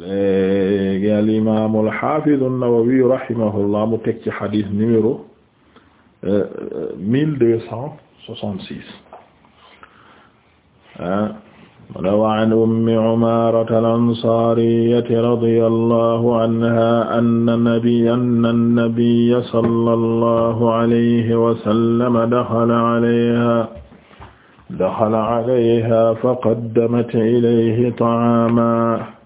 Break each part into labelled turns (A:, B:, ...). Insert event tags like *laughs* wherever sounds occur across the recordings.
A: léegi al imaam al xaafiz an-Nawawi rahimahullah mu teg ci xadis numéro euh, euh, mille deux cent soixante six ah mu ne wa an ummi Umaarata al-Ansaariyyati radiyallahu anhaa anna nabiyya anna nabiyya sallallahu alayhi wa sallam daxala alayhaa daxala alayhaa faqaddamat ilayhi ta'aaman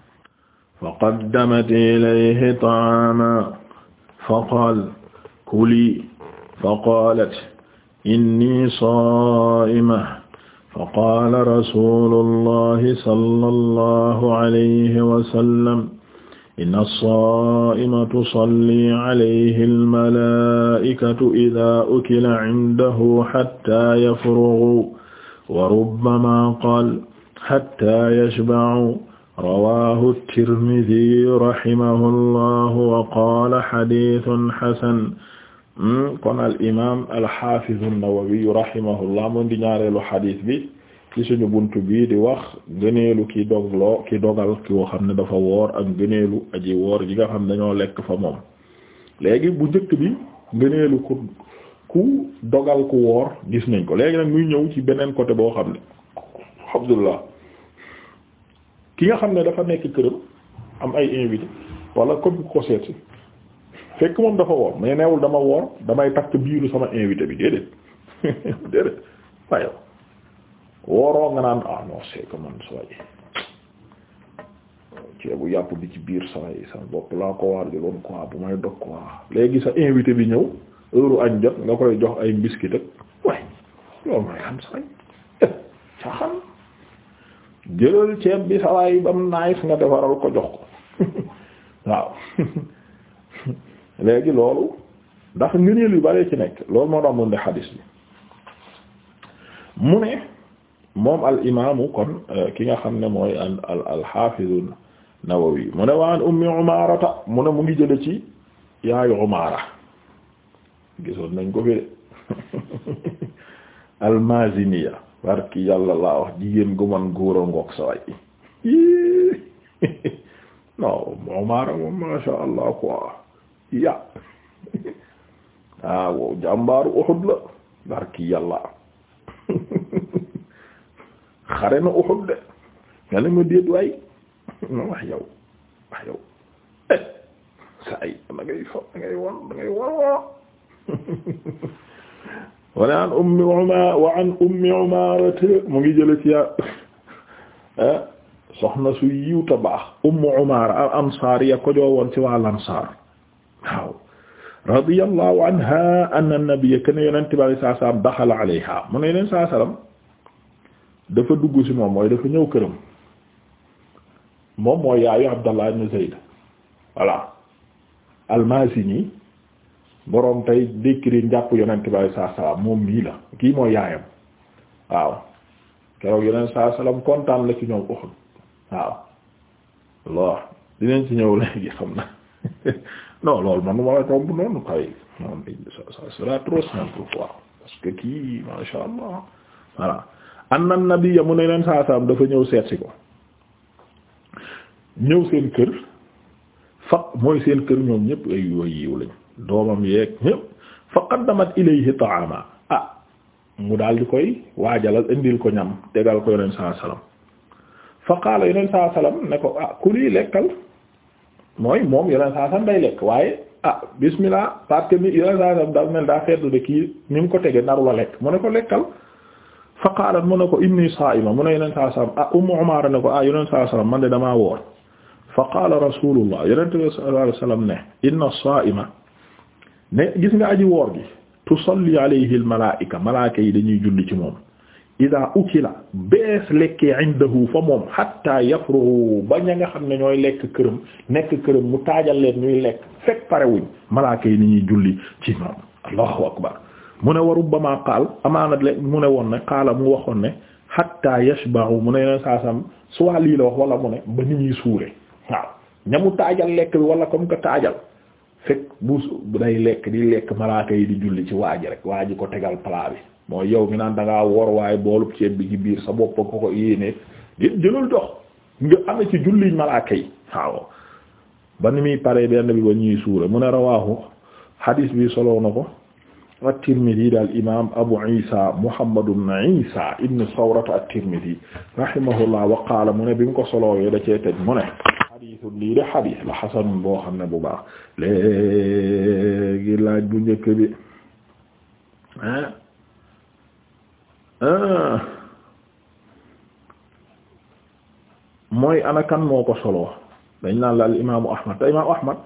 A: fa qaddamat ilayhi ta'aaman fa qaala kulii fa qaalat innii saa'ima fa qaala rasuulullahi sallallahu alayhi wa sallam inna saa'ima tusalli alayhi al-malaa'ikatu idaa ukila cindahu hattaa yafrughuu wa rubbamaa qaala hattaa yashba'uu rawaahu tirmidi rahimahullahu wa qaala xadiisun xasan kon al imaam al xaafiz an-Nawawi rahimahullah di ñaareelu xadis bi ci suñu buntu bi di wax gëneelu ki dogloo ki dogal ki woo xam ne dafa woor ak gëneelu aji woor ji nga xam dañoo lekk fa moom léegi bu jëkk bi gëneelu ku ku dogal ku woor gis nañ ko léegi nag muy ñëw ci beneen côté boo xam ne alhamdulillah ki nga xam ne dafa nekk këram am ay invité wala comme ko si fekk moom dafa woor mais neewul dama woor damay takk biiru sama invité bi déedéet *laughs* déedéet waaye wooroo nga naan ah non c'est que man sooy ceebu yàpp bi ci biir sama sa bopp laa ko waar jëloon quoi may dog quoi léegi sa invité bi ñëw heure añ jot nga koy jox ay biscuit ak waaye loolu mooy am sooy caaxaan jëlal ceeb bi sawaay bam naayis nga defaral ko jox ko *laughs* waaw *laughs* léegi loolu ndax ngëneel yu bare ci nekk loolu moo tax mun de xadis bi mu ne moom al imaamu kon euh, ki nga xam ne mooy al al al xaafizu Nawawi mu ne waan ummi mu ne mu ngi jële ci yaayu umara gisoon nañ ko fi de *laughs* al maziniya barki yàlla laa wax jigéen gu man góor a ngoog sa way *laughs* non Omar moom masha Allah quoi ya ah wow jàmbaaru Uhud la barki yàlla *laughs* xare na Uhud de nga ne ma déet waay wax yow wax yow sa ay da fo da ngay won *laughs* wala an ummi Umaara wa an ummi Umaara mu ngi jële ci soxna su yiw ta baax ummu Umaara al ansaariya ko joowoon ci waa lansaar waaw radiyallahu anha anna nabiyya kana yonent bi sallallahu alayhi wasallam daxala alayha mu ne yonent sallallahu alayhi wasallam dafa dugg ci moom mooy dafa ñëw këram moom mooy yaayu Abdallah ibn Zayd voilà al boroom tey décret njàpp yonent bi saa salaam moom mii la kii mooy yaayam waaw keroog yonent saa salaam kontaan la ci ñoom Uhud waaw lool dinañ ci ñëw léegi xam na *laughs* non loolu man ma la tomb noonu kay sera trop simple quoi parce que kii masha Allah voilà anna nabiyya mu ne yonent saa salaam dafa ñëw seetsi si ko ñëw seen kër fa mooy seen kër ñoom ñëpp ay yiw lañ doomam yeeg ñëpp fa qaddamat ilayhi ta'ama ah mu daal di koy waajalal indil ko ñam tegal ko yoneen saa salaam fa qaala yoneen saa salaam ne ko ah ku lii lekkal mooy moom yoneen saa salaam day lekk waaye ah bismillah parce que yoneen saa salaam daal mel daa feddu de kii ni mu ko tege naru la lekk mu ne ko lekkal fa qaalat mu ne ko inni saa'ima mu ne yoneen saa salaam ah ummu umaara ne ko ah yoneen saa salaam man de damaa woor fa qaala rasulullah yoneen saa ne gis nga aji woor gi tusalli alayhi al malaa'ika malaaka yi dañuy julli ci moom ida ukila bees lekkee indahu fa moom hatta yafruhu ba ña nga xam ne ñooy lekk këram nekk këram mu taajal leen ñuy lekk fekk parewuñ malaaka yi ni ñuy julli ci moom allahu akbar mu ne wa rubbama qaal amaanat le mu ne woon ne qaala mu waxoon ne xatta yashba'u mu ne yeneen saasam soit lii la wax wala mu ne ba ni ñuy suure waaw ñamu taajal lekk bi wala comme que taajal fekk bu day lekk di lekk malaaka yi di julli ci waa ji rek waa ji ko tegal plat bi mooy yow mi naan da wor waaye boolub ceeb bi ci biir sa bopp ko ko yéenee di jëlul dox nga ame ci julliñ malaaka yi waaw ba ni muy paree benn bi ba ñuy suura mu ne rawaahu hadis bi soloo na ko at-Tirmidhi daal imaam Abu Isa Muhammad ibn Isa ibn Sawrata at-Tirmidhi rahimahullah wa qaala mu ne bi mu ko solowee da cee teg mu ne xadiisun lii de xadiis la xasanun boo xam ne bu baax léegi laaj bu njëkk bi ah mooy ana moo ko solo dañ naan la al imaamu Ahmad te imaamu Ahmad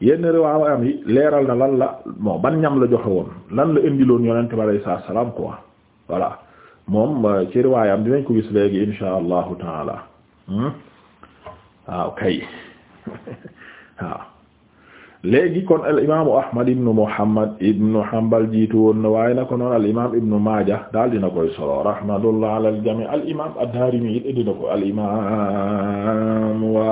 A: yenn riwaayam yi leeral na lan la bon ban ñam la joxe woon lan la indiloon yonent bi alayhi salaatu ko quoi voilà moom ci riwaayam dinañ ko gis léegi insha allahu taala. Hmm? waaw ah, kay waaw *laughs* ah. léegi kon al imaamu ahmad ibnu muhammad ibnu hanbal jiitu woon na waaye na ko noon al imaam ibnu maaja daal dina koy solo rahmatullah ala al jamii al imaam ad-daarimi it dina ko al imaam wa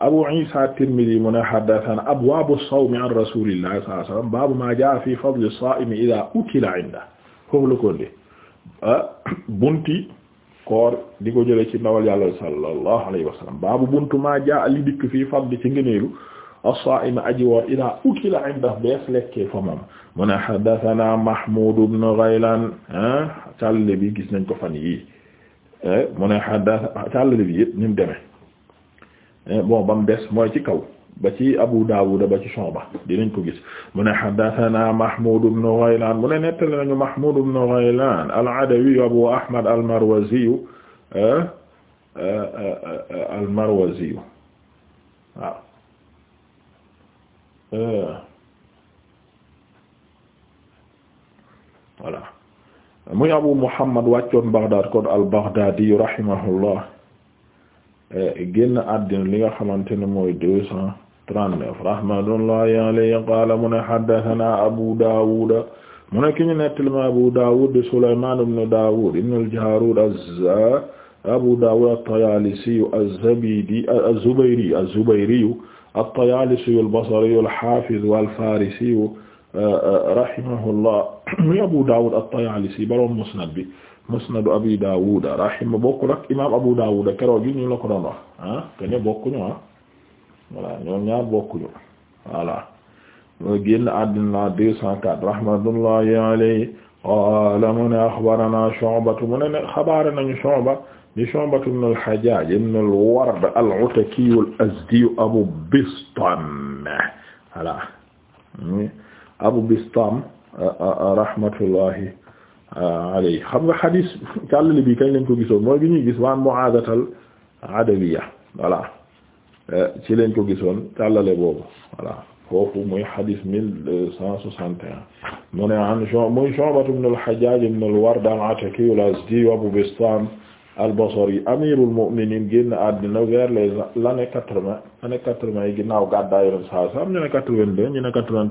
A: abu isa at-tirmidhi mu ne haddathana abwaabu as-sawmi an rasuulillahi sallallahu alayhi wa sallam baabu maa jaa'a fii fadli as-saa'imi idhaa ukila 'indahu foofu la ko ndi ah, *coughs* bunti koor di ko jële ci ndawal yàlla sallallahu alayhi wa baabu buntu maa jaa li dikk fii fadli ci ngëneelu as-saa'im aji woor idaa ukila inda bees lekkee fa moom mu ne haddathanaa Mahmoud ibn Ghaylan càllale bi gis nañ ko fan yii mu ne haddatha càllale bi yëpp ni mu demee bon ba mooy ci kaw ba ci Abu Dawud ba ci Shu'ba dinañ ko gis mu ne haddathana Mahmud ibn Ghaylan mu ne nettali nañu Mahmud ibn Ghaylan al-Adawi Abu Ahmad al-Marwazi eh, eh, eh, al-Marwazi waaw muy Abu Muhammad wàccoon Baghdad kon al-Baghdadi rahimahullah génn àddina li nga xamante ne mooy deux cent trente-neuf rahmatullahi alayhi qaala mu ne haddathana Abu Dawud mu ne ki ñu nettali ma Abu Dawud di Sulayman ibn Dawud ibn al-Jarud az Abu Dawud at-Tayalisi az-Zabidi az-Zubayri az-Zubayri at-Tayalisi al-Basri al-Hafiz wal-Farisi rahimahullah mi Abu Dawud at-Tayalisi borom Musnad bi musnadu abi daawuda rahima bokkul ak imaam abu daawuda keroog yi ñu la ko doon wax ah te ne bokkuñu ah voilà ñoom ñaar bokkuñu voilà mooy génn àddina la deux cent quatre rahmatullahi alayhi qaala mu ne mu ne ne xabaare nañu di Shu'batu ibn al-Hajjaj ibn al-Ward al-Ataki Abu Bistam Abu Bistam rahmatullahi Ah, alay xam nga xadiis càllali bi kañ lañ ko gisoon mooy bi ñuy gis waan mu'adatal adawiya voilà eh, ci lañ ko gisoon càllale boobu voilà foofu muy xadiis mille cent soixante et un mu ne an muy Shu'batu ibn al-Hajjaj ibn al-Ward al la al-Azdi Abu Bistam al-Basri amirul mu'minin génn àddina vers les quatre-vingt année quatre-vingt yi ginnaaw gàddaay Yonent saa saa ñu ne quatre-vingt-deux ñu ne quatre vingt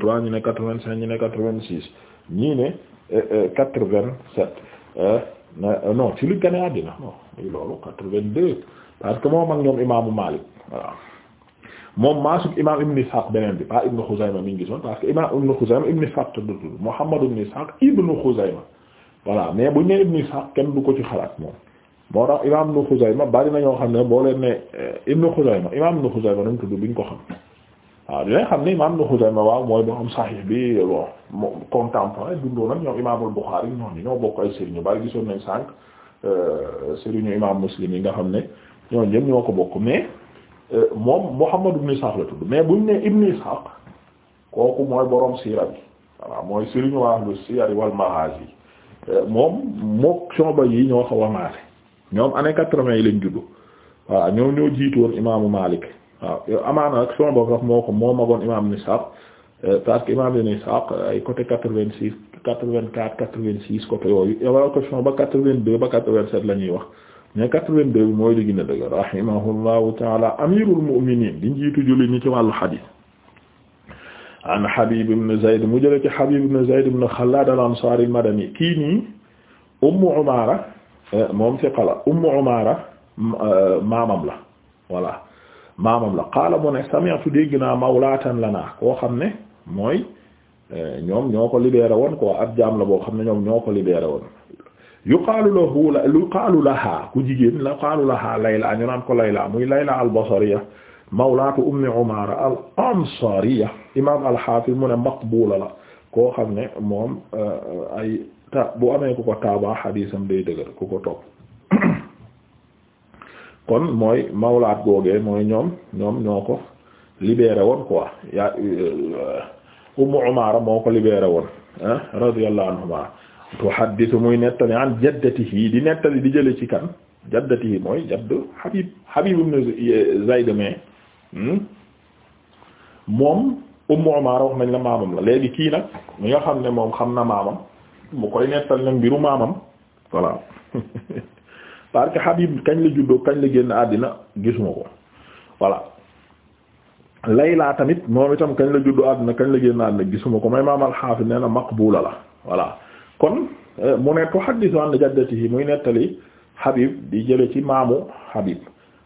A: cinq ñu ne quatre-vingt-six ñii ne quatre-vingt-sept euh, euh, non ci lu gane àddina non loolu quatre-vingt-deux parce que moom ak ñoom imaamu Maalik voilà moom maasuk imaam Ibn Ishaq beneen bi pas Ibn Khuzayma mi ngi gisoon parce que imaam Ibn Khuzayma Ibn Ishaq tudd Muhammad Ibn Ishaq Ibn Khuzayma voilà mais bu ñu nee Ibn Ishaq kenn du ko ci xalaat moom moo tax imaam Ibn Khuzayma bari na ñoo xam ne boo leen ne euh, Ibn Khuzayma imaam Ibn Khuzayma nañ tudd duñ ko xam. waaw dinañ xam ne imam Ibn Khuzaymah waaw mooy borom Sahih bi bon moom contemporain dundoon ak ñoom imaamul Bukhari ñooñu ñoo bokk ay sëriñ bari gisoon nañ sànq euh, sëriñu imam Muslim yi nga xam ne ñoo ñëpp ñoo ko bokk mais euh, moom Muhammad ibn Ishaq la tudd mais buñ ne kooku mooy mooy sëriñu ahlu siyar wal maghazi euh, moom mook Shu'ba yi ñoo xaw a maase ñoom année quatre-vingt yi lañ juddu ñoom ñoo jiitoon imaamu Malik waaw yow amaana nag son boobu sax moo ko moo magoon imaam Ibn Ishaq euh, parce que imaam Ibn Ishaq euh, ay côté quatre-vingt-six quatre-vingt-quatre quatre-vingt-six côté yooyu wala question ba quatre wax mais bi mooy li gën a dëgg rahimahullahu ta'ala amirul mu'minin di njiitu julli ñi ci wàllu hadith an Habib ibn Zayd mu jële ci Habib ibn Zayd ibn Khalad al-Ansari al-Madani kii nii Ummu Umaara euh, moom ci qala Ummu Umaara maamam la voilà maamam la qaala mu ne sami'tu dégg naa mawlaatan lanaa koo xam ne mooy eh, ñoom ñoo ko libéré won koo ab la boo xam ne ñoom ñoo ko libeere woon yu lahu la yuqaalu lahaa ku jigéen la yuqaalu layla ñu naan ko layla muy layla albasariya mawlaatu ummi umaara al ansariya imaam alxaafis mu ne maqbuula la koo xam ne moom eh, ay ta bu amee ku ko taaba xadiisam day dëgër ku ko topp kon mooy mawlaat googee mooy ñoom ñoom ñoo ko libéré woon quoi yaa euh, Ummu Umaara moo ko libéré woon ah radiyallahu anhuma tuhaddithu muy nettali an jaddatihi di nettali di jële ci kan jaddatihi mooy jadd Habib Habib ibn Zayd hmm? moom Ummu Umaara wax nañ la maamam la léegi kii nag mi nga xam ne moom xam na maamam mu koy nettal nag mbiru maamam voilà *laughs* parce que Habib kañ la juddoo kañ la génn àddina gisuma ko voilà Layla tamit moom itam kañ la juddoo àddina kañ la génn àddina gisuma ko may imaam al-Hafiz nee na maqbula la voilà kon euh, mu ne tuhaddisu an jaddatihi muy nettali Habib di jële ci maamu Habib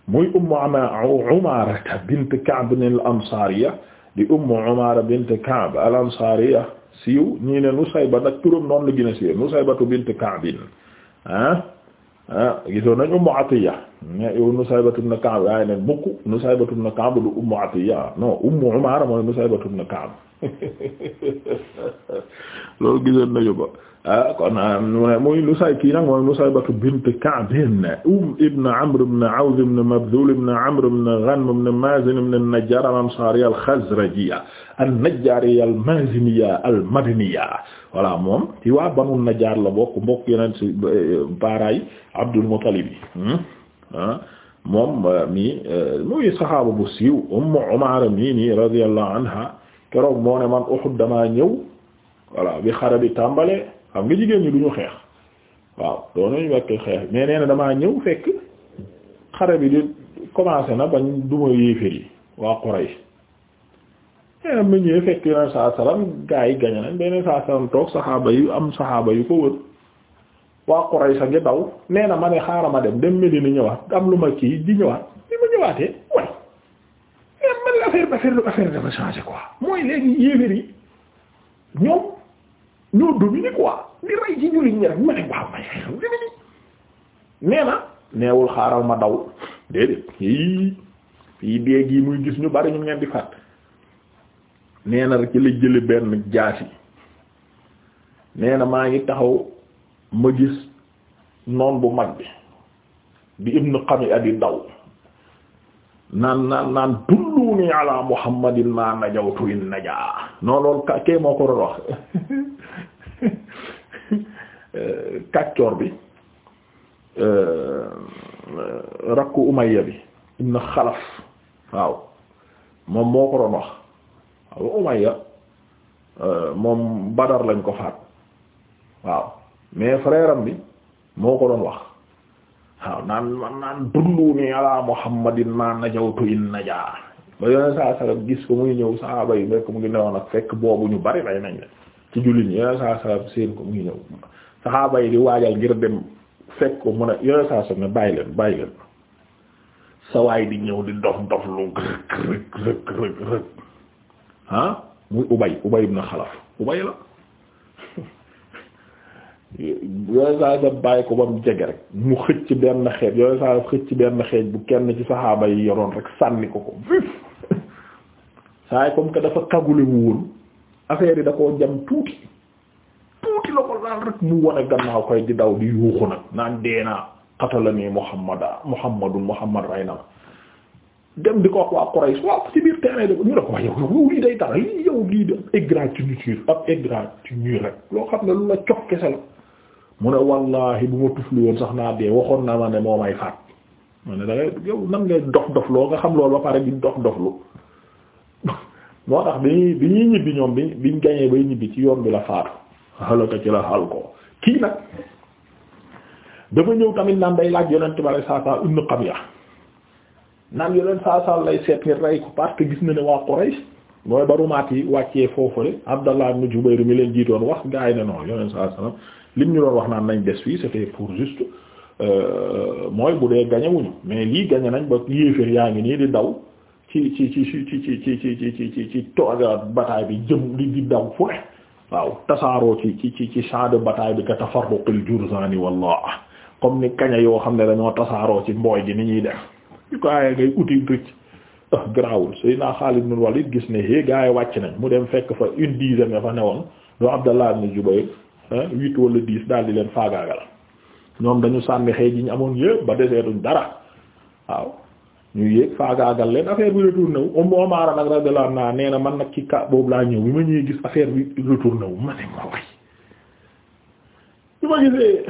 A: muy ummu Umaara bint Ka'b al-Ansaariya di ummu Umaara bint Ka'b al-Ansaariya siiw ñii ne Nusayba nag turam noonu la gën a siiw Nusaybatu bint Ka'b ah ah gisoon nañ Ummu Atiya mais yow Nusaybatu ibn Ka'b yaa ne mukk Nusaybatu ibn Ka'b du Ummu Atiya non Ummu Umaara mooy Nusaybatu ibn Ka'b *laughs* loolu gisoon nañu ko ah kon ah, mu ne muy Nusay kii nag mooy Nusaybatu bint Ka'b um ibn Amr ibn Awd ibn Mabdhul ibn Amr ibn Ghanm ibn Mazin ibn an-Najjar al-Ansariya al-Khazrajiyya an-Najjaariya al-Maaziniya al-Madaniya voilà moom ci waa Banu Najjaar la bokk mbokk yeneen ci eh, baaraay Abdul Muttalib yi hmm? ah? moom eh, mi eh, saxaaba bu siiw Ummu Umaara mii nii radiyallahu anha keroog moo ne man Uhud damaa ñëw voilà bi xare bi tàmbalee xam nga jigéen ñi duñu xeex waaw doonuñu wekk xeex mais nee damaa ñëw fekk xare bi di commencé na bañ duma yéeféer yi waa Quraysh mais eh, am na ñëwee fekk yeneen saa salaam gaa yi gañe nañ beneen saa salaam toog saxaaba yu am saxaaba yu ko wër waa Quraysh sa ngi daw nee ma ne xaaral ma dem dem Medina ñëwaat am lu ma kii di ñëwaat bi ma ñëwaatee way mais di ma ne waaw may xew dëgg neewul xaaral ma daw déedéet fii fii dee gii muy gis ñu bari ñu ngeen di fàtt nee na ci la jëli benn jaasi nee na maa ngi taxaw ma gis noon bu mag bi di ibnu xami at yi daw naan naan naan tullu ni ala muhammadin ma najawtu in najaa non loolu ka kay moo ko doon wax *laughs* kàccoor bi euh, rakku umayya bi ibnu xalaf waaw moom moo ko doon wax Abu Umayya euh, moom Badar lañ ko faat waaw mais frère am bi moo ko doon wax waaw naan man naan dullu ni ala Muhammadin ma najawtu in najaa ba yoneen saa sallam gis ko yi fekk mu ngi newoon ak fekk boobu ñu bari lay nañ ne ci jullit ñi yoneen ñëw saaba yi di waajal ngir dem fekk ko mu ne yoneen saa sallam bàyyi leen bàyyi leen sawaay di ñëw di dof dof lu ah muy ubay ubay ibn xalaf ubay la yooyu saa sa bàyyi ko ba mu jege rek mu xëcc benn xeej yooyu saa xëcc benn xeej bu kenn ci saxaaba yi yoroon rek sànni ko ko saa yi comme que dafa kagulewu woon affaire yi da koo jam tuuti tuuti la ko laal rek mu wane gannaaw koy di daw di yuuxu nag naan dee naa xatala nii muhammada muhammadun muhammad rey na dem di ko wax waa Quraysh waaw ci biir terrain de ñu ne ko wax yow yow lii day dara lii yow lii de égratignure ab égratignure rek loo xam ne lu la cox kese mu ne wallaahi bu ma tufli woon sax naa dee waxoon na ma ne moo may faat ma ne da ngay yow nan ngay dof dof loo nga xam loolu ba pare di dof doflu *laughs* moo tax bi bi ñuy ñibbi ñoom bi biñ gañee bay ñibbi ci yoon bi la faatu xalaka ci la xal ko kii nag dafa ñëw tamit naan day laaj yonent bi sallallahu alayhi wasallam naan yoneen saasal lay seet ngir rey ko parce gis na ne waa rey mooy ba rumaat yi wàccee foofule Abdallah ibn Jubayr mi leen jiitoon wax gaa yi ne non yoneen saasal lim ñu doon wax naan nañ des fii c'était pour juste mooy bu dee gañewuñu mais lii gañe nañ ba yéeféer yaa ngi nii di daw ci ci ci ci ci ci ci ci ci ci ci bataille bi jëm di di daw fu ne waaw tasaaroo ci ci ci ci champ de bataille bi ka tafarruqil jurzani wallah comme ni kaña yoo xam ne dañoo tasaaroo ci mbooy gi ni ñuy def ñu ko aaye ngay uti rëcc ah garaawul Seydina Xaalid ibn Walid gis ne hé gaa yi wàcc nañ mu dem fekk fa une dizaine dafa newoon doo Abdallah ibn Jubayr huit wala dix daal di leen faagaagal ñoom dañu sàmmi xëy ji ñu amoon yëpp ba deseetuñ dara waaw ñu yéeg faagaagal leen affaire bi retourné wu nag radiyallahu anha nee na man nag ci ka boobu laa ñëw bi ma ñëwee gis affaire bi retourné wu ma ne ma way bi ma gisee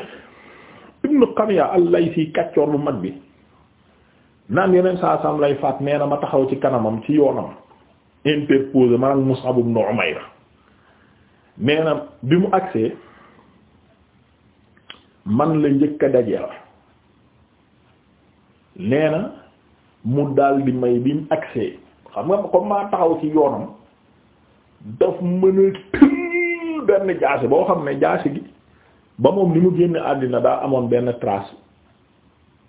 A: Ibnu Qamiya al-Laysi kàccoor bu mag bi. naan yeneen saa sam lay faat nee na ma taxaw ci kanamam ci yoonam interposé ma ak Mus'ab ibn Umayr nee na bi mu agsee man la njëkk a dajeel nee na mu daal di may bi agsee xam nga comme maa taxaw ci yoonam daf mën a tëll benn jaasi boo xam ne jaasi gi ba moom ni mu génne àddina daa amoon benn tras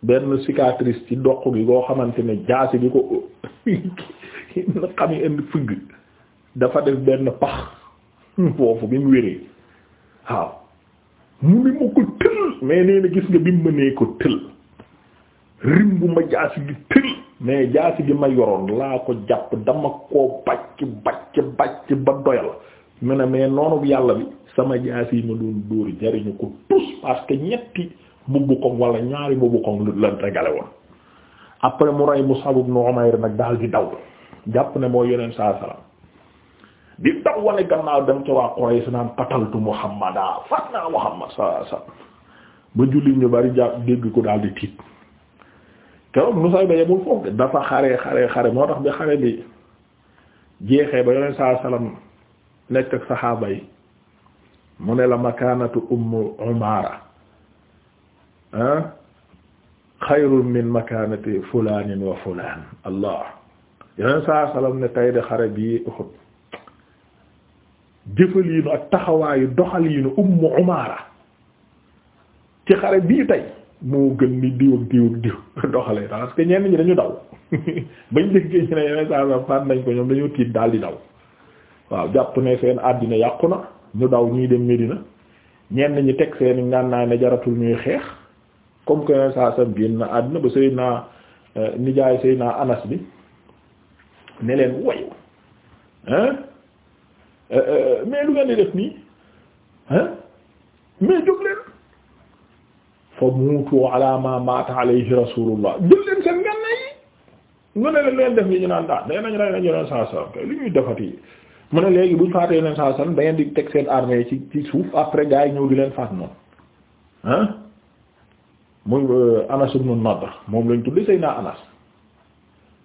A: benn cicatrice ci doq gi goo xamante ne jaasi gi ko *laughs* xam indi fëgg dafa def benn pax foofu bi mu wéree waaw mu ni ma ko tël mais nee gis nga bi mu mënee ko tël rim ma jaasi gi tël mais jaasi gi ma yoroon laa ko jàpp dama koo bàcc bàcc bàcc ba doyal mu ne mais noonu yàlla bi sama jaasi yi ma doon dóor jariñu ko tous parce ñetti mbubb koŋ wala ñaari mbubb koŋ la regale woon après mu rey Mus'ab ibn Umayr nag daal di daw jàpp ne mooy yeneen saa salaam di daw wane gannaaw dem ci waa Quraysh xare xare xare moo tax bi xare bi jeexee ba yeneen saa salaam nekk ak saxaaba yi mu ne la makaanatu Ummu Umaara xayrun min makaanati fulaanin wa fulaan allah yeneen saa salaam ne tay de xare bii Uhud jëfaliinu ak taxawaayu doxaliinu ummu umaara ci xare bii tey moo gën ni diw ak diw ak diw *laughs* doxalee parce que ñenn ñi dañu daw *laughs* bañ déggee ñu ne yeneen saa salaam faat nañ ko ñoom dañoo tiit daal di daw waaw jàpp ne seen àddina yàqu na ñu daw ñuy dem Medina ñenn ñi teg seen ngànnaay ne jaratul ñuy xeex comme que yeneen saa sam génn na àdduna ba Seydina euh, nijaay na Anas bi ne leen wayu hein euh, euh, mais lu ngeen di def nii hein mais jóg leen fa muutu ala ma maata alayhi rasulullah jël leen seen ngànnaay yi nga ne leen leen def li ñu naan daal nee nañ rey nañ yeneen saa sam kay li ñuy defati mu ne léegi buñ faatee yeneen saa sam da ngeen di teg seen armée ci ci suuf après gars yi ñëw di leen faat noonu hein mu euh, Anas ibn Nadr moom lañ tudde Seyna Anas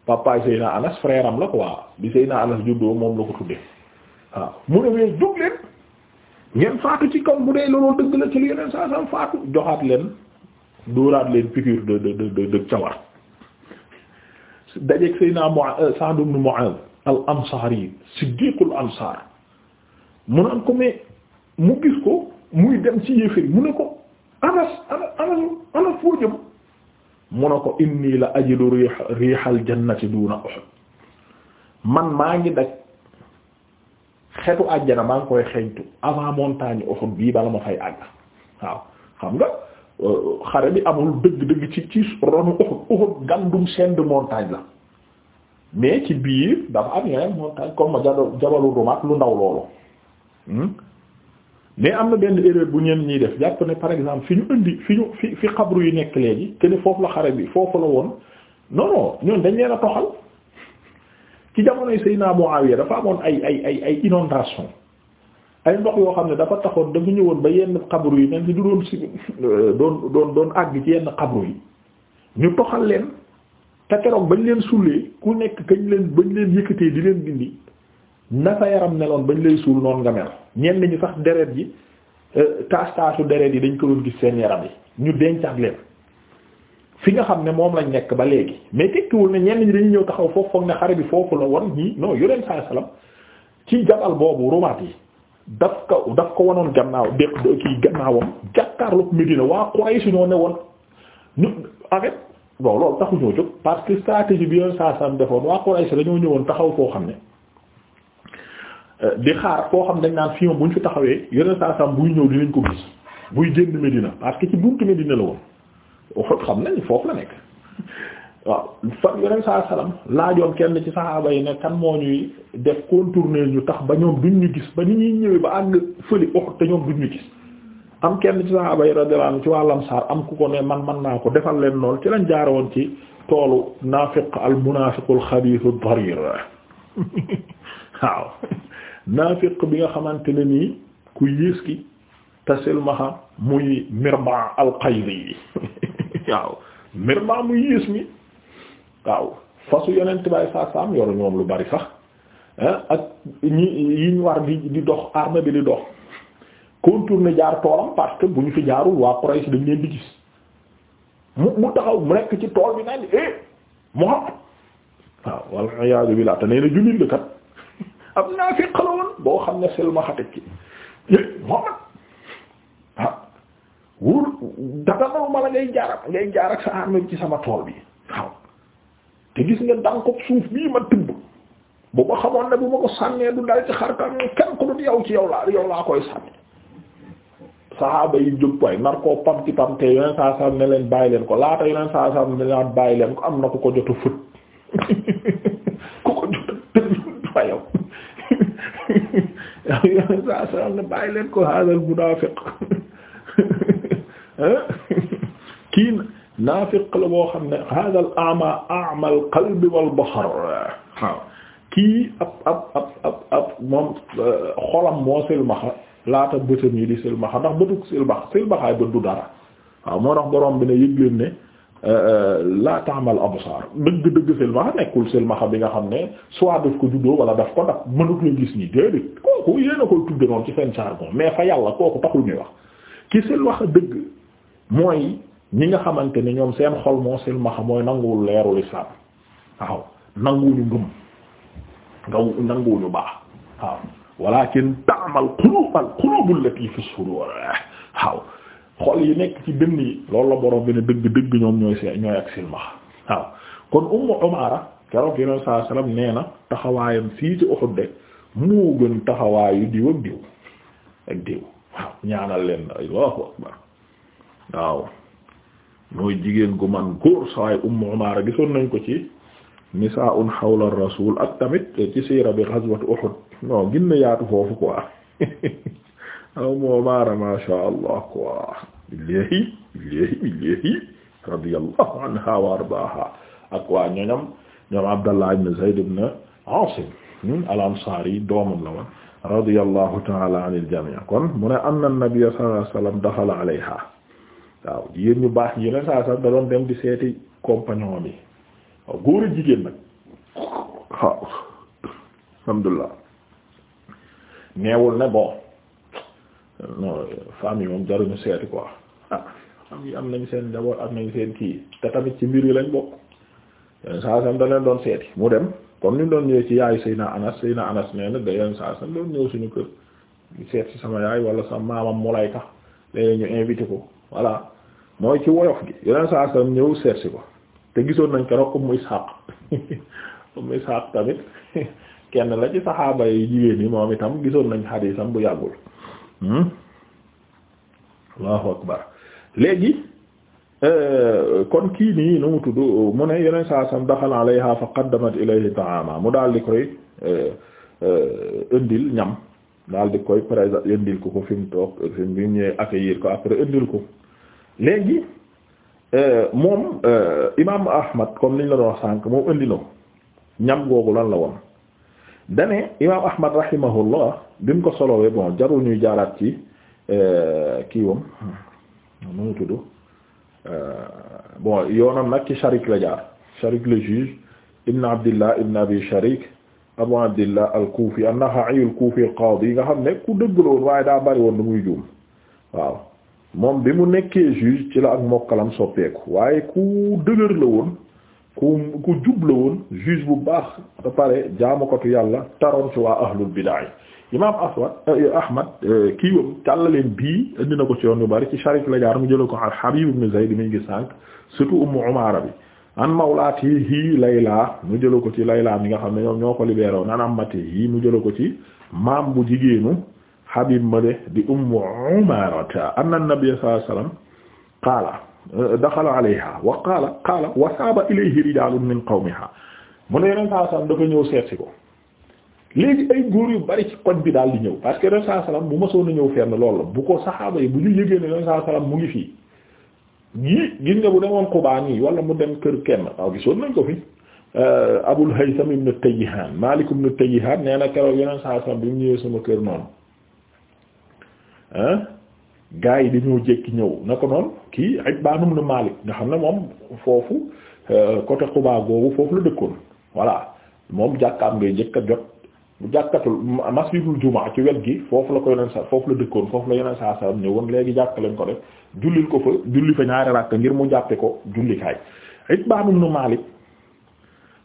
A: papaay Seyna Anas frère am la quoi bi Seyna Anas juddoo moom la ko tudde waaw mu ne jóg leen ngeen faatu ci kaw bu dee loolu dëgg la ci lu yeneen saa sam faatu joxaat leen dóoraat leen piqûre de de de de cawar dajeeg Seyna mo euh, Sa'd ibn Mu'adh al Ansari siddiqul ansar mu naan ko mais mu gis ko muy dem ci yéeféri mu ne ko anas anas anas foo jëm mu ne ko inni la ajidu riix riixal jannati duuna Uhud man maa ngi daj xetu àjjana maa ngi koy xeeñtu avant montagne Uhud bii bala ma fay àgg waaw xam nga euh, xare bi amul dëgg-dëgg ci ci ronu Uhud Uhud gandum chaîne de la mais ci biir dafa am yeneen montagne comme ma jabalu rumaat lu ndaw loolu hmm? mais am na benn erreur bu ñenn ñiy def jàpp ne par exemple fi ñu indi fi ñu fi fi xabru yi nekk léegi que ne foofu la xare bi foofu la woon non non dañ leen a toxal ci jamonoy Seydina Muawiya dafa amoon ay ay ay ay inondation ay ndox yoo xam ne dafa taxoon dafa ñëwoon ba yenn xabru yi même si du doon si euh, doon doon doon àgg ci yenn yi ñu toxal leen te keroog bañ leen suulee ku nekk kañ leen bañ leen yëkkatee di leen dindi na sa yaram meloon bañ lay suul noonu nga mel ñenn ñi sax deret yi tache tache deret yi dañ ko doon gis seen yaram yi ñu dencaat leen fi nga xam ne moom lañ nekk ba léegi mais tekkiwul ne ñenn ñi dañu ñëw taxaw foofu foog ne xare bi foofu la woon ñii non ci jabal boobu rumaat yi daf ko gannaaw dé kii gannaawam jàkkaarloog Medina waa Quraysh ñoo woon ñu en fait bon loolu taxuñoo bi yoneen saa salaam defoon waa ñëwoon taxaw foo xam ne. di xaar koo xam dañ naan fion bu ñu fi taxawee yeneen saa sam buy ñëw dinañ ko gis buy génn Medina parce que ci buntu Medina la woon waxut xam nañ foofu la nekk waaw fa yeneen saa salaam laajoon kenn ci saxaaba yi ne kan moo ñuy def contourner ñu tax ba ñoom duñ ñu gis ba ni ñuy ñëwee ba àgg fële waxut te ñoom duñ gis am kenn ci saxaaba yi radiyallahu anhu ci wàllam saar am ku ko ne man man naa ko defal leen lool ci lañ jaar woon ci toolu naafiq al munaafiqul xabiisu darir *laughs* naafiq bi nga xamante ne nii ku yées ki tasilmaxa muy Mirba al-Qaydi yi *laughs* waaw Mirba muy yées mi waaw fasu yonent baay saa yoru ñoom lu bari sax ah, ak ñi yiñ war di di dox arme bi di dox contourner jaar toolam parce que bu ñu fi jaarul waa Quraysh dañ leen di gis mu mu taxaw mu nekk ci tool bi naan eh Muhammad waaw wal iyaadu billaah te nee na jullit kat am naa fi xalawoon boo xam ne selma xatek ki Muhammad ah wóor daganaw ma la ngay jaarak ngay jaarak sa ci sama tool bi waaw te gis nga dànkob suuf bii ma tibb bu xamoon ne bu ma ko sànnee du dal ci xarkan kenn ko dut yow ci yow laa yow laa koy sànni saxaaba yi jóg waay nar koo pam ci pam te yoneen ne leen bàyyi leen ko laata yoneen saa sam ne leen bàyyi leen ko am na ko ko jot a fët *laughs* yoon saa saa ne bàyyi leen ko haadal munaafiq *laughs* kii naafiq la boo xam ne haadal ama amal qalbi wal basar waaw kii ab ab ab ab ab moom euh, xolam moo silmaxa laata bëtam yi di silmaxa ndax bëtug silmaxa silmaxaay bët du dara waaw moo tax borom bi ne yëg leen ne Euh, euh, laa taamal absar dëgg-dëgg silmaxa nekkul silmaxa bi nga xam ne soit daf ko juddoo wala daf ko daf mënut la gis nii déedéet kooku yéen a koy tudde noonu ci seen jargon mais fa yàlla kooku taxul ñuy wax ki silmaxa dëgg mooy ñi nga xamante ne ñoom seen xol moo silmaxa mooy nanguwul leerul islam waaw nanguwuñu ngëm ngaw nanguwuñu baax waaw walakin taamal qulub al qulub allati fi sudur waaw xol yi nekk ci dënn yi loolu la borom bi ne dëgg dëgg ñoom ñooy see ñooy ak silmax waaw kon Ummu Umaara keroog yeneen saa salaam nee na taxawaayam fii ci Uhud de moo gën taxawaayu diw ak diw ak diw waaw ñaanal leen Allahu akbar waaw mooy jigéen gu man góor sawaay Ummu Umaara gisoon nañ ko ci nisaa'un hawla rasul ak tamit ci siira bi ghazwat Uhud non ginna yaatu foofu quoi *laughs* aw moobaara masha allah quoi billahi billahi billahi radiyallahu anha wa ardaha ak waa ñoñam ñoom abdallah ibn zayd ibn asim al ansari doomam la woon radiyallahu ta'ala anil jami' kon mu ne anna nabiyya sallallahu alayhi wasallam daxala waaw jigéen ñu baax ñi yoneen saa sallam da doon dem di seeti compagnon bi waaw góor a jigéen nag waaw alhamdulillah neewul ne bon non famille moom jaruñu seeti quoi ah am nañ seen njaboot am nañ seen kii te tamit ci mbir yi lañ bokk yenn saa sam da leen doon seeti mu dem kon ni doon ñëwee ci yaayu Seyna Anas Seyna Anas nee na da yenn saa sam doon ñëw suñu kër ñu seet ci sama yaay wala sama maamam Mulayka léeg ñu invité ko voilà mooy ci woyof gi yenn saa sam ñëw seet si ko te gisoon nañ keroog Ummu Ishaq *laughs* Ummu Ishaq tamit *laughs* kenn la ci saxaaba yi jigéen ñi moom itam gisoon nañ xadiisam bu yàggul. Hmm? allahu akbar léegi euh, kon kii nii nu mu tudd mu ne yeneen saa sam daxala alayha fa qaddamat ilayhi ta'ama mu daal di koy euh, euh, indil ñam daal di koy présent indil ko ko fi mu toog fi mu ñëwee accueillir ko après indil ko léegi moom imam Ahmad comme niñ la doon sànk moom indi na ko ñam googu lan la woon dane imaam ahmad rahimahullah bi mu ko solowee bon jarul ñuy jaaraat ci euh, kiiwam hmm, nu mu tudd euh, bon yoonam nag ci sharik la jaar sharik le juge ibn abdillah ibn abi sharik abu abdillah al kuufi an-Nakha'i al yi nga xam ne ku dëgg la woon waaye daa bari woon muy juum moom bi mu nekkee juge ci la ak mokkalam soppeeku waaye ku dëgër la ku ku jubla woon juge bu baax ba pare jaamukatu yàlla taroon si waa ahlul bidaa imaam aswad eh, ahmad eh, kii wam càllaleen bii indi na ko ci yoon yu bari ci sharik la jaar mu jëla ko an habib ibn zayd mi ngi sànq surtout ummu umaara bi an mu jëla ko ci layla mi nga xam ne ñoom ñoo ko libéré woon an ammati hi mu jëla ko ci maam bu jigéenu habib ma de di ummu umaarata anna nabiyyi sallallahu alayhi wasallam qaala daxala alayha wa qaala qaala wa saaba ilayhi rijaalun min qawmiha mu ne yeneen saa salaam dafa ñëw seetsi ko léegi ay góor yu bari ci koñ bi daal di ñëw parce que yeneen saa salaam bu masoon a ñëw fenn lool la bu ko saxaaba yi bu ñu yëgee ne yeneen saa salaam mu ngi fii gii gis nga bu demoon Qubaa nii wala mu dem kër kenn waaw gisoon nañ ko fi euh, Abul Haytham ibn Tayyihan Malik ibn Tayyihan nee na keroog yeneen saa salaam bi mu ñëwee suma kër noonu ah. gaa yi dañoo jékki ñëw na ko noonu kii Itbaanum nu Maalik nga xam ne moom foofu euh, côté Quba googu foofu la dëkkoon voilà moom am ngay jëkk a jot jàkkatul masjidul jumaa ci wet gi foofu la ko yeneen sa foofu la dëkkoon foofu la yeneen saa saa ñëwoon léegi jàkk lañ ko def jullil ko fa julli fa ñaari ràkk ngir mu jàppe ko jullikaay Itbaanum nu Maalik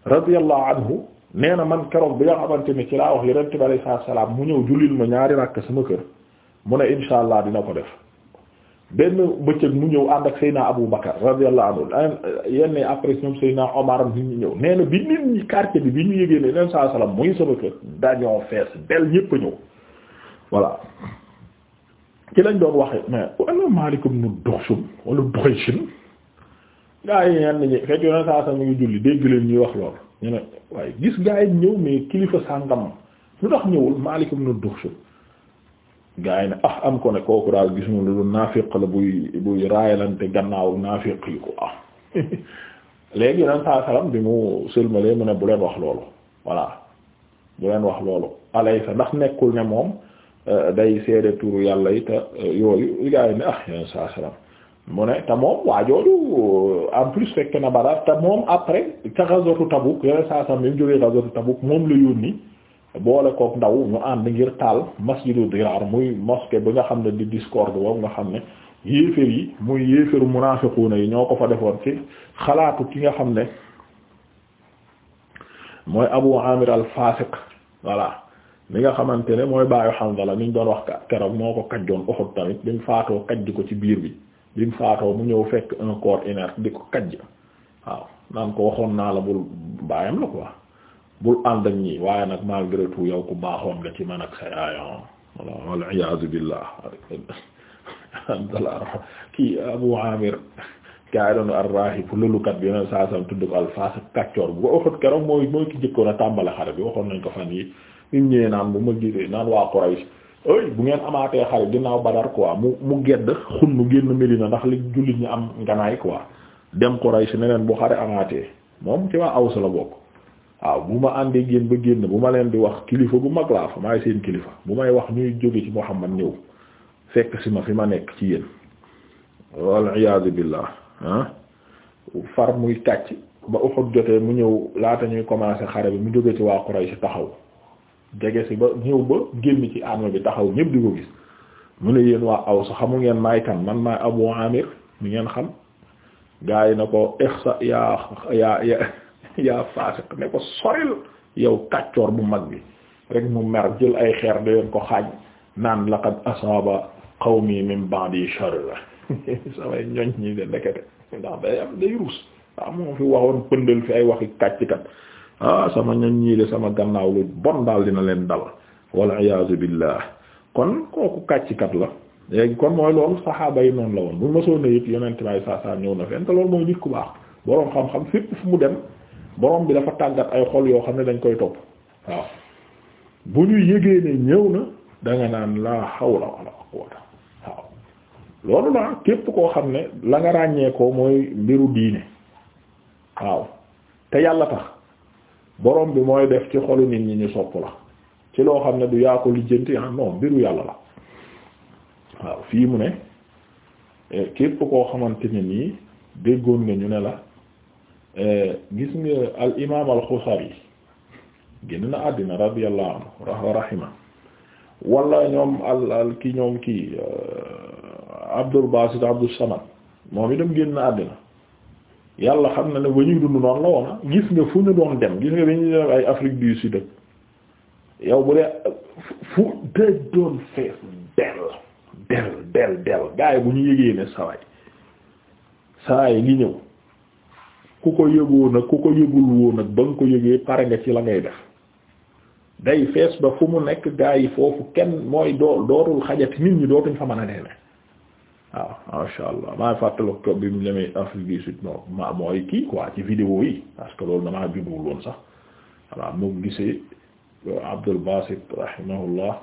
A: radiyallahu anhu nee na man keroog bi nga xamante ni ci laa wax yeneen tubaab yi saa salaam mu ñëw jullil ma ñaari rakk sama kër. mu ne insha allah dina ko def benn bëccëg mu ñëw ànd ak Seyna Abu Bakar radiyallahu anhu yenn après ñoom Seyna Omar nit ñi ñëw nee bi nit ñi quartier bi bi ñu yëgee ne leen saa salaam muy sama kër dañoo fees del ñépp ñëw voilà ki lañ doon wax mais wala Malik ibn Duhshum wala Duhshum gaa ñi fekk yoon saa salaam mu ngi julli dégg leen ñuy wax lool ñu ne waaye gis gaa ñëw mais kilifa sàngam lu tax ñëwul Malik ibn Duhshum gaa yi ne ah am ko ne kooku daal gisuma lu dul naafiq la buy buy raayalante gannaaw naafiq yi ko ah *laughs* léegi yeneen saa salaam bi mu sëlmalee mu ne bu leen wax loolu voilà bu leen wax loolu alaysa ndax nekkul ne moom euh, day seede turu yàlla yi te euh, yooyu gaa yi ne ah yeneen saa salaam mu ne te moom waa jooju euh, en plus fekk na Badar te moom après ca gazwatu Tabuk yeneen saa salaam bi mu jógee gazwatu Tabuk moom la yónni. boole kook ndaw ñu ànd ngir taal masjidu dirar muy mosquée bi nga xam ne di discorde woowu nga xam ne yéeféer yi muy yéeféeru munaafiquna yi ñoo ko fa defoon ci xalaatu ki nga xam ne mooy Abu Amir al-Fasiq voilà mi nga xamante ne mooy xam baayu Hanzala niñ doon wax keroog moo ko kajjoon Uhud tamit bi mu faatoo kajj ko ci biir bi bi mu faatoo mu ñëw fekk un corps inerte di ko kajj waaw naan ko waxoon naa la bul baayam la ko bul ànd ak ñi waaye nag malgré tout yow ku baaxoon nga ci man ak sa yaayoon ah. walla walla iyaazu billaah kii Abu Amir gaa yi doon ar-raahib lëlukat bi yeneen saa sam tudd ko alfaasik kàccoor bu mooy mooy ki jëkkoon a tàmbale xare bi waxoon nañ ko fan yi ñu ñëwee naan bu ma gisee naan waa Quraysh ey bu ngeen amaatee xare ginnaaw Badar quoi mu mu gedd xun mu génn Medina ndax li jullit ñi am nganaay quoi dem Quraysh ne leen bu xare amaatee moom ci waa Aws la bokk waaw bu ma àndee génn ba génn bu ma leen di wax kilifa gu mag laa fa maay seen kilifa bu may wax ñuy jóge ci Muhammad ñëw fekk si ma fi ma nekk ci yéen wal iyaadu ah, muy kàcc ba Uhud mu ñëw laata ñuy commencé xare bi mu jóge ci waa Quraysh taxaw jege si ba ñëw ba génn ci arme bi taxaw ñëpp di ko gis yéen waa aw sa xamu ngeen maay kan man maay Abu Amir mi ngeen xam gaa yi na ko ihsa yaa yaa yaa faasiq ne ko soril yow kàccoor bu mag bi rek mu mer jël ay xeer da leen ko xaaj naan laqad asaaba qawmi min ba'di sharra *laughs* samay ñoñ ñi de ndekete ndax day am day ruus waaw ah, moom fi waxoon pëndal fi ay waxi kàccikat ah sama ñoñ ñii de sama gannaaw lu bon daal dina leen dal wal iyaazu billah kon kooku kàccikat la léegi kon mooy loolu saxaaba yi noonu la woon bu ma soo ne it yonent may saa ñëw na fen te loolu mooy nit ku baax boroom xam-xam fu mu dem borom bi dafa tàggat ay xol yoo xam ne dañ koy topp waaw bu ñu yëgee ne ñëw na danga naan laa hawla wala quwwata waaw loolu la képp koo xam ne la nga ràññee ko mooy mbiru diine waaw te yàlla tax borom bi mooy def ci xolu nit ñi ñu sopp la ci loo xam ne du yaa ko lijjanti ah non mbiru yàlla la waaw fii mu ne eh, képp koo xamante ne nii déggoon nga ñu ne la gis nga al imaam al Xusari génn na àddina radiyallahu anhu rahima wala ñoom al al ki ñoom kii euh, Abdul Basit Abdul Samad moom itam génn na àddina yàlla xam na ne ba ñuy dund noonu la woona gis nga fu ñu doon dem gis nga bi ñu dem ay Afrique du Sud yow bu dee fu dee doon fees del del del del yi bu ñu yëgee ne sawaay sawaay li ñëw ku ko yëgoon ku ko yëgul woon ak ba nga ko yëgee pare nga ci la ngay def day fees ba fu mu nekk gaa yi foofu kenn mooy doo dootul xajati nit ñi dootuñ fa mën a neene waaw masha allah maa fàttala ko bi mu demee Afrique du Sud non ma mooy kii quoi ci vidéo yi parce que loolu damaa judduwul woon sax voilà moom gisee Abdul Basit rahimahullah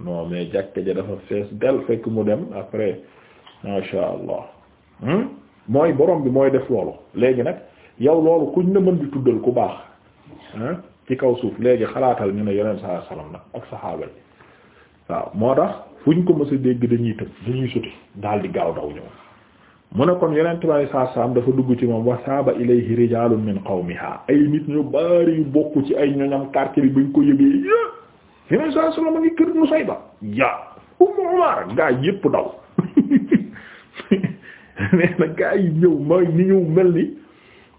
A: non mais jàkka ja dafa fees del fekk mu dem après masha allah hmm? mooy borom bi mooy def loolu léegi nag yow loolu kuñ na mën di tuddal ku baax ci kaw suuf léegi xalaatal ñu ne yeneen saa salaam nag ak saxaaba yi waaw moo tax fuñ ko mës a dégg dañuy tëb dañuy suti daal di gaaw daw ñëw mu ne kon yeneen tubaab yi saa saam dafa dugg ci moom wasaaba ilayhi rijaalun min qawmiha ay nit ñu bari yu bokk ci ay ñoñam quartier bi buñ ko yëgee yaa yeneen saa salaam a ngi kër Nusayba yaa Ummu Umar gaa *laughs* *laughs* nee na gaa yi ñëw mooy ni ñu mel ni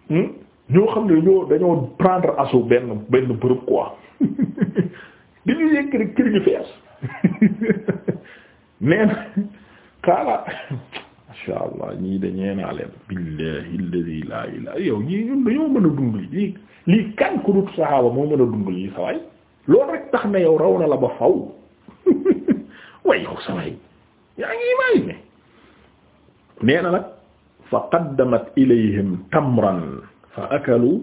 A: hmm, ñoo xam ne ñoo dañoo prendre assaut benn benn bërëb quoi *laughs* di ñu yëg kër gi fees *laughs* nee na xaala ñii de ñeenaa leen billahi alladhi la yow ñii ñun dañoo mën a dund lii lii kan ku dut saxaaba moo mën a dund lii sawaay loolu rek tax na yow raw na la ba faw way yow sawaay yaa ngi may nee na nag fa qaddamat ilayhim tamran fa akalu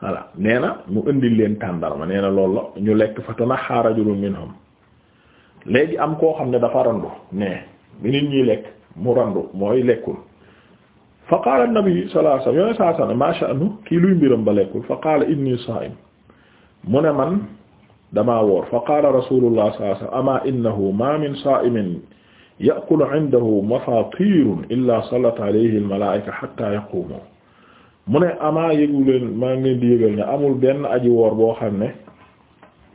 A: voilà nee na mu indil leen tàndarma nee na loolu ñu lekk fa tanaha rajulun minhum léegi am koo xam ne dafa randu ne bi nit ñi lekk mu randu mooy lekkul fa qaala nabi sallallahu alayhi wasallam yone saa sallam ma sha'nu kii luy mbiram ba lekkul fa qaala inni saa'im mu ne man dama woor fa qaala rasulullah sallallahu alayhi ama innahu ma min saa'imin ya'kulu 'indahu mafatirun illa sallat alayhi al-mala'ika hatta yaqumu mu ne amaa yëgu maa ngi leen di yëgal ne amul benn aji woor boo xam ne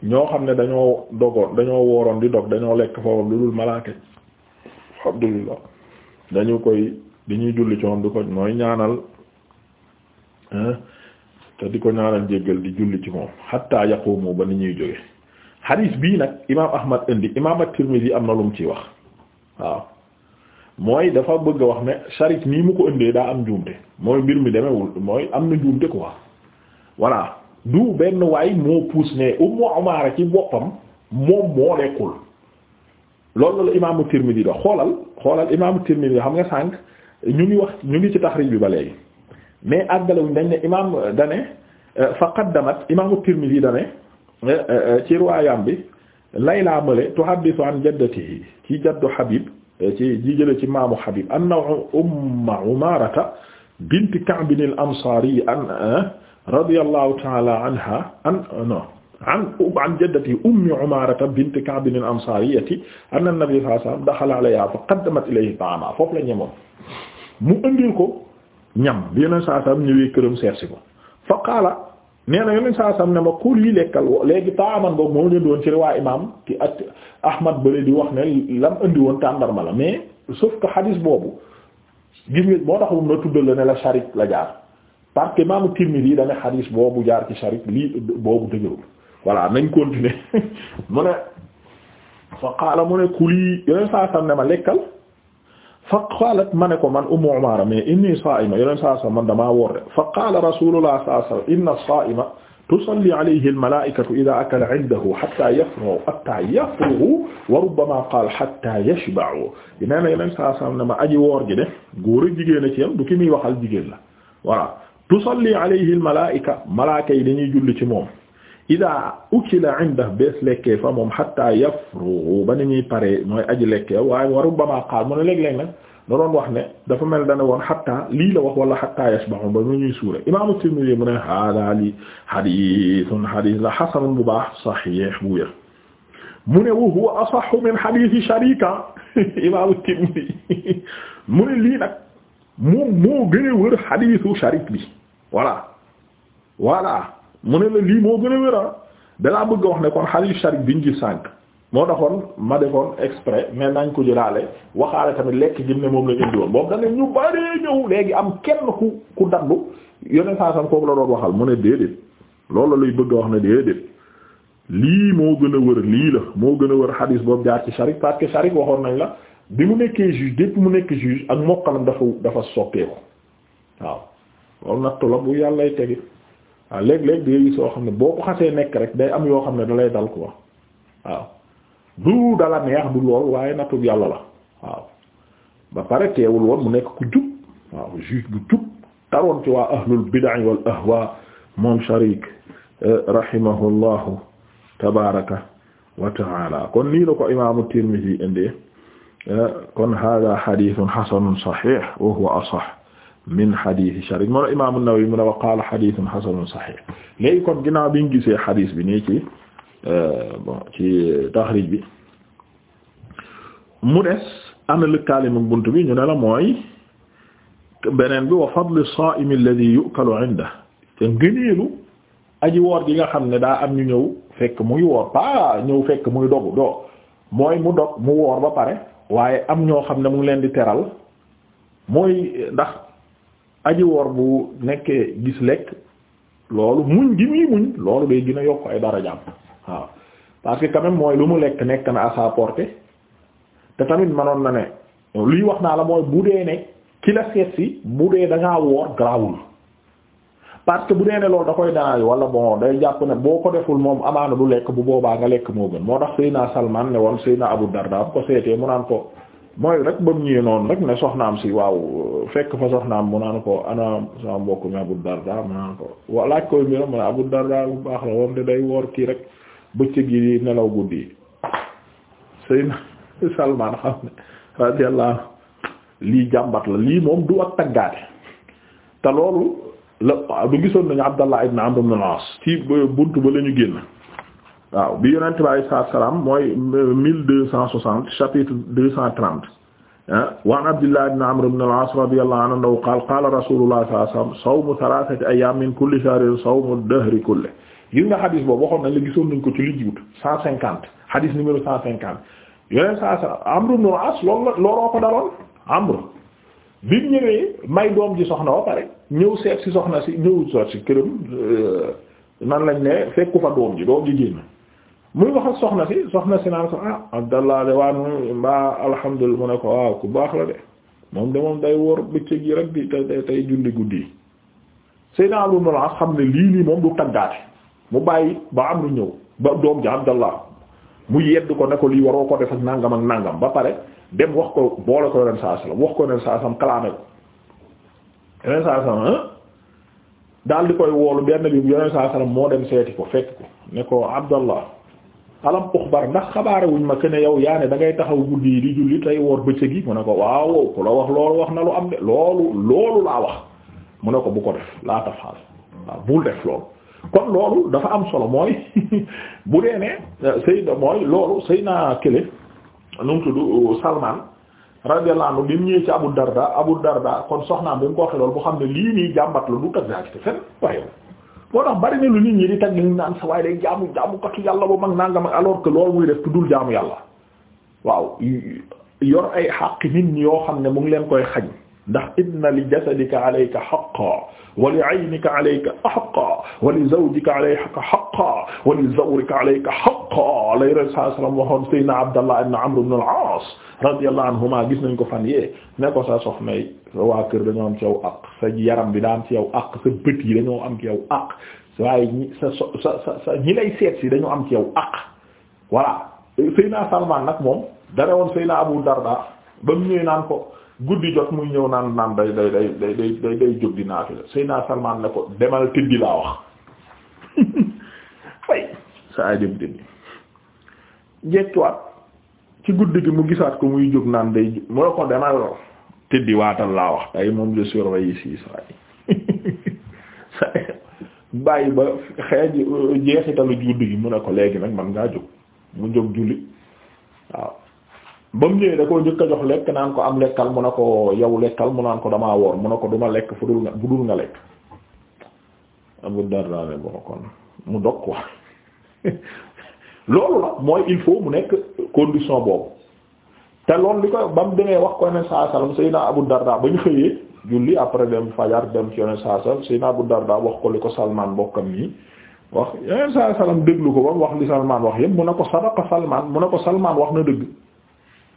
A: ñoo xam ne dañoo dogoon dañoo wooroon di dog dañoo lekk foofu lu dul malaaka alhamdulillah dañu koy di ñuy julli ci moom di ko mooy ñaanal te di ko ñaanal jéggal di julli ci moom hatta yaqumu ba ni ñuy jóge hadith bii nag imaam Ahmad indi imaam at am na lu mu ciy wax waaw mooy dafa bëgg a wax ne sharik nii mu ko indee daa am njuumte mooy mbir mi demewul mooy am na njuumte quoi voilà du benn waay moo puus ne Ummu Umaara ci boppam moom moo lekkul loolu la imaamu Tirmidi dox xoolal xoolal imaamu Tirmidi xam nga sànq ñu ngi wax ñu ngi ci taxriij bi ba léegi mais àggalewuñ dañ ne imaam dane faqaddamat imaamu Tirmidi dane eh, eh, ci riwaayam bi Layla Mbale tuhaddisu an jaddatihi ci jaddu Habib eh, ci ji jële ci maamu Habib anna umma Umaarata bint Ka'b al-Ansaari an eh, radiyallahu ta'ala anha an non an an jaddati ummi Umaarata bint Ka'b al-Ansaariyati anna an-nabiyya sallallahu alayhi wa sallam daxala alayha fa qaddamat ilayhi ta'aaman foofu la ñemoon mu indil ko ñam bi Yonent sallallahu alayhi wa sallam ñëwee këram seet si ko fa qaala nee na yoneen saa sam ne ma kuur yi lekkal léegi taaman boobu moo leen woon ci riwaa imam ki at ahmad bële di wax ne lam indi woon tàndarma la mais sauf que hadis boobu gis nga moo tax moom na tuddal la ne la sharik la jaar parce que imam Tirmidhi dane hadis boobu jaar ci sharik lii boobu dëgërul voilà nañ continuer *laughs* mu ne fa qaala mu ne kuli yoneen saa sam ne ma lekkal fa qalat ma ne ko man Ummu Umaara mais inni saa'ima yoneen saa sa man damaa woor de fa qaala Rasuulullah sallallahu alayhi wa sallam inna saa'ima tusalli alayhi al-malaa'ikatu idhaa akala indahu hattaa yafrughuu hattaa yafrughuu wa rubbamaa qaala hattaa yashba'uu nee na yoneen saa sa ne ma aji woor gi de góor ak jigéen a ci yam du ki muy waxal jigéen la voilà tusalli alayhi al-malaa'ika malaaka yi dañuy julli ci moom. ida ukila inda bees lekkee fa moom hatta yafru ba ni ñuy paree mooy aji lekkee waaye waru bamaa xaal mu ne léeg-léeg nag da doon wax ne dafa mel dane woon hatta lii la wax wala hatta yasbahu ba mu ñuy suure imaamu Tirmidhi mu ne hada li hadithun hadith la hasanun bu baax sahih bu wér mu ne wa huwa asahhu min hadithi sharika *laughs* imaamu Tirmidhi mu ne lii nag moom moo gën a wër hadithu sharik bi voilà voilà mu ne la lii moo gën a wér ah dalaa bëgg a wax ne kon xadiis bi ñu ci sànq moo taxoon ma defoon exprès mais nañ ko jëlaale waxaale tamit lekk gi ne moom lañ indiwoon boobu da ñu bari ñëw léegi am kenn ku ku dandu yeneen saa sam la doon waxal mu ne déedéet loolu lay bëgg a wax ne déedéet lii moo gën a wër lii la moo gën a wër xadiis boobu jaar ci sharik parce que waxoon nañ la bi mu nekkee juge depuis mu nekk juge ak mokkalam dafa dafa soppeeku waaw loolu waaw léeg-léeg gis yoo xam ne boo ko xasee nekk rek day am yoo xam ne dalay dal quoi waaw du dala neex du lool waaye nattu yàlla la waaw ba pare teewul woon mu nekk ku jub waaw juge bu jub taroon ci waa ahlul bid'a wal ahwa moom Sharik eh, rahimahullahu tabaraka wa taala kon nii la ko imaamu Tirmidhi indee eh, kon hada hadithun hasanun sahih wa huwa asah min xadiisi Sharik moo Imaam An-Nawawi mu ne wa qaala xadiisun xasanun saxiix léegi kon ginnaaw bi ñu gisee xadiis bi nii ci euh, bon ci taxriij bi mu des ana lëkkaale mag bunt bi ñu ne la mooy beneen bi wa fadlu saa'im alladhi yu'kalu 'inda te ngëneelu aji woor gi nga xam ne daa am ñu ñëw fekk muy woor pa muy dogu do mooy mu dog mu woor ba pare waaye am ñoo xam ne mu ngi leen di teral mooy ndax aji woor bu nekkee gis lekk loolu muñ gi muñ loolu day gën a yokk ay darajaam waaw parce que quand mooy lu mu lekk nekk na à sa portée te tamit manoon na ne lii wax naa la mooy bu dee ne ki la seet si bu dee da ngaa woor garaawul parce que bu dee ne loolu da koy danaay wala bon day jàpp ne boo ko deful moom amaana du lekk bu boobaa nga lekk moo gën moo tax naa Salman ne woon Seydina Abu Darda bu ko seetee mu naan ko mooy rek ba mu ñëwee noonu rek ne soxnaam si waaw fekk fa soxnaam mu naan ko ana sama mbokk mi Abu Darda mu naan ko wa laaj koy mbiram mu ne Abu Darda bu baax la woon de day woor kii rek bëccëg yi nelaw guddi yi na Salman xam ne lii jàmbat la lii moom du ak taggaate te loolu la du gisoon nañu Abdallah ibn Amr ibn ci bunt ba lañu génn waaw bi yonent bi alayhi salaatu salaam mooy mille deux cent soixante chapitre deux cent trente ah, wa an Abdillah ibn Amr ibn al-As radiyallahu anhu qaala qaala rasuulullah sallallahu alayhi wasallam sawmu thalathati ayyaamin min kulli shahrin sawmu dahri kulli gis nga xadis boobu waxoon nañ la gisoon nañ ko ci li jiwut cent cinquante xadis numéro cent cinquante yonent saa salaam Amr ibn al-As loolu la looloo ko daloon Amr bi mu ñëwee may doom ji soxna ba pare ñëw seet si soxna si ñëw soot si këram euh, nan lañ ne fekku fa doom ji doom ji génn muy wax ak soxna si soxna si naan ko ah Abdallah de waan mbaa alhamdulilah mu ne ko waaw ku baax la de moom de moom day wor bëccëg yi rek di tey tey julli guddi yi Seydina Amru ibn al xam ne lii nii moom du taggaate mu bàyyi ba am lu ñëw ba doom ja Abdallah mu yedd ko ne ko lii waroo ko def ak nàngam ak nangam ba pare dem wax ko boole ko ren saa salaam wax ko ren saa salaam kalaame ko ren saa salaam daal di koy woolu benn bi ren saa seeti ko fekk ko ne ko alam uxbar ndax xabaare wuñ ma ke ne yow yaa ne da ngay taxaw guddi yi di julli tey woor bëccëg yi mu ne ko waaw ku la wax loolu wax na lu am de loolu loolu laa wax mu ne ko bu ko def laa tafaal waaw def loolu kon loolu dafa am solo mooy *laughs* bu dee ne euh, Seydina mooy loolu Seydina Kële nu mu du euh, Salman radiyallahu anhu bi mu ñëwee ci Abu Darda Abu Darda kon soxnaam bi mu ko waxee bu xam ne lii nii jàmbat la du tëgg naa ci te fenn waaye. boo tax bari na lu nit ñi di tag ñu naan sa waaye day jaamu jaamu katu yàlla bu mag nangam ak alors que loolu muy def tuddul jaamu yàlla waaw yor ay xàq nit ñi yoo xam ne mu ngi leen koy xañ ndax inna li jasadika alayka haqqan wa li aynika alayka haqqan wa li zawjika alayka haqqan wa li zawrika alayka haqqan lay rasul sallallahu alayhi wa sallam waxoon sayyidina Abdallah ibn Amr ibn al-As radiyallahu anhuma gis nañ ko fan yee ne ko sa soxna yi waa kër dañoo am ci yow àq sa yaram bi daa am ci yow àq sa bët yi dañoo am ci yow àq waaye sa sa sa sa ñi lay seet si dañoo am ci yow àq voilà sayyidina Salman nag moom dara woon sayyidina Abu Darda ba mu ñëwee naan ko guddi jot muy ñëw naan naan day day day day day jóg di naafila Seydina Salman ne ko demal tëddi laa wax *laughs* fay sa ay dem tëddi ci guddi gi mu gisaat ko muy jóg naan day mu ne ko demal tëddi waatal laa wax tey moom je surveille ici *laughs* saa yi bàyyi ba xeej jeexitalu guddi gi mu ne ko léegi nag man ngaa jóg mu jóg julli waaw ba mu ñëwee da koo jëkk a jox lekk naan ko am lekkal mu ne ko yow lekkal mu naan ko damaa woon mu ne ko duma lekk fu dul nga fu dul nga lekk Abu Darda ne boo kon mu dog ko *laughs* loolu la mooy il faut mu nekk condition boobu te loolu li ko ba mu demee wax ko yoneen saa sallam Seydina Abu Darda ba ñu xëyee julli après dem fajar dem ci yoneen saa sallam Seydina Abu Darda ko li ko Salman bokkam nii wax yoneen saa sallam déglu ko ba mu wax li Salman wax yépp mu ne ko sadaqa Salman mu ne ko Salman wax na dëgg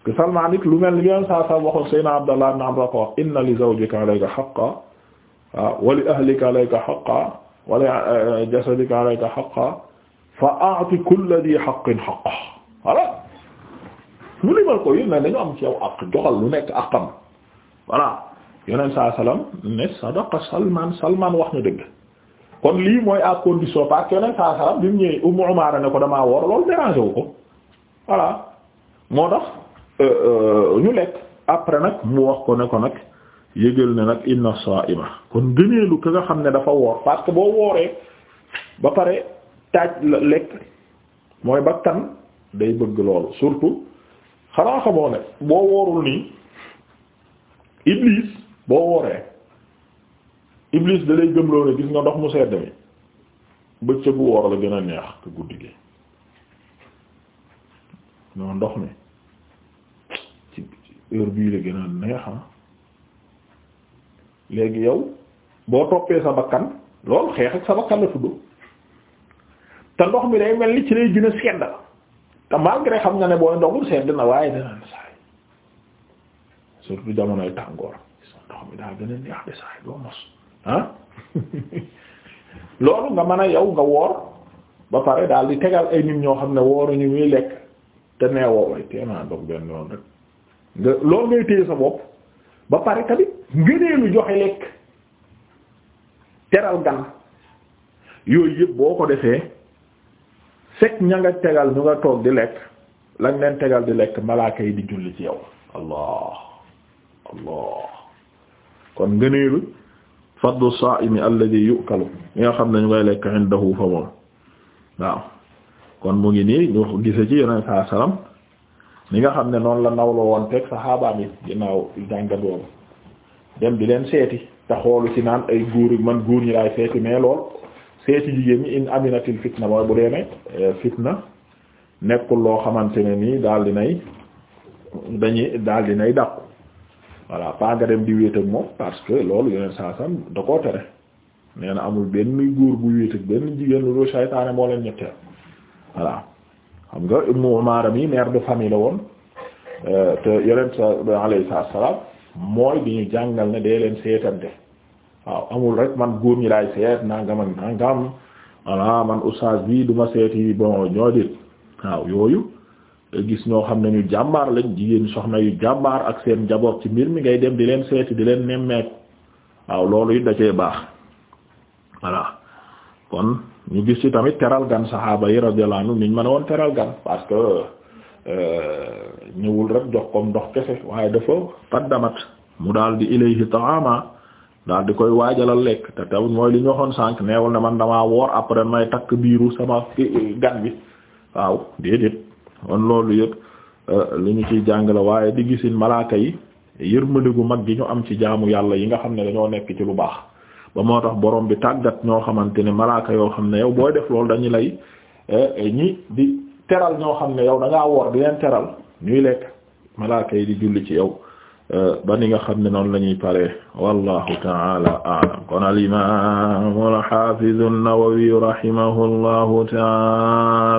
A: que Salman it lu mel ni yoon saa saa waxoon Seydina Abdallah wax li zawjika alayka haqqan ah, wa li ahlika alayka haqqan wa li ah, fa a'ti kulla dhi mooy à condition parce que yeneen saa salaam bi mu ñëwee Ummu Umaara ne ko damaa woor loolu déranger wu ko voilà Euh, euh, ñu lekk après nag mu wax ko ne ko nag yëgal ne nag inna sa'ima kon gëneelu ka nga xam ne dafa woor parce que boo wooree ba pare taaj la lekk mooy bakkan day bëgg loolu surtout xanaa xamoo ne boo woorul nii iblis boo wooree iblis da lay gëmloo ne gis nga ndox mu sedd mi bëccëgu woor la gën a neex te guddi gi non ndox mi bii la gën a ah. léegi yow boo toppee sa loolu xeex ak sa bakkan day mel ni ci la te malgré xam nga ne booy ndoxul sedd na waaye danaan saay surtout jamonoy tàngoor ndox mi ah. *laughs* nga mën a yow nga woor ba pare daal di tegal ay nit ñoo xam ne wooruñu muy lekk te neewoo way teemaa dog benn yoon rek loo loolu ngay téye sa bopp ba pare tamit ngëneelu joxe lekk teral gan yooyu yëpp boo ko defee fekk ña nga tegal ñu nga toog di lekk lañ leen tegal di lekk malaaka yi di julli ci yow allah allah kon ngëneelu fadlu saa'imi alladhi yu'kalu ñi nga xam ne ñu ngay lekk indahu fa moom waaw kon mu ngi nii ñu gise ci yeneen saa salaam li nga xam ne noonu la nawloo woon teg saxaabaam yi ginnaaw jàngat dem di leen seeti te xoolu ci naan ay góor man guur ñi laay seeti mais lool seeti jigéen ñi in aminatil fitna mooy bu dee ne eh, fitna nekkul loo xamante ne nii daal di nay dañuy daal di nay dàqu voilà pas nga dem di wéet moom parce que loolu yeneen saa sam da koo tere nee amul benn góor bu wéet ak benn jigéen lu dul saytaane moo leen ñetteel voilà. xam nga Ibnu Umaara mi mère de famille woon euh, te yonent sa alayhi salaam mooy di ñu jàngal na dee leen seetante waaw amul rek man góor ñi laay seet nangam ak nangam man oustaz bi du ma seeti bon ñoo dit waaw yooyu gis ñoo xam ne jàmbaar lañ jigéen soxna yu jàmbaar ak seen njaboot ci mbir mi ngay dem di leen seeti di leen nemmeeku waaw loolu it da cee baax voilà kon. ñu gis ci tamit teral gan saxaaba yi radiyallahu anhum niñ mën woon teral gan parce que euh, ñëwul rek jox comme ndox kese waaye dafa qaddamat mu daal di ilayhi ta'ama daal di koy waajalal lekk te tamit mooy li ñu waxoon sànq neewul ne man damaa woor après may takk biiru sama gan bi waaw déedéet kon loolu yëpp euh, li ñu ciy jàng la waaye di gisin malaaka yi yërmande gu mag gi ñu am ci jaamu yàlla yi nga xam ne dañoo nekk ci lu baax ba moo tax borom bi tàggat ñoo xamante ne malaaka yoo xam ne yow booy def loolu dañu lay eh, eh, ñi di teral ñoo xam ne yow da ngaa woor di leen teral ñuy lekk malaaka yi di julli ci yow eh, ba ni nga xam ne noonu lañuy ñuy paree wallahu taala aalam kon al imam al hafiz an-Nawawi rahimahullahu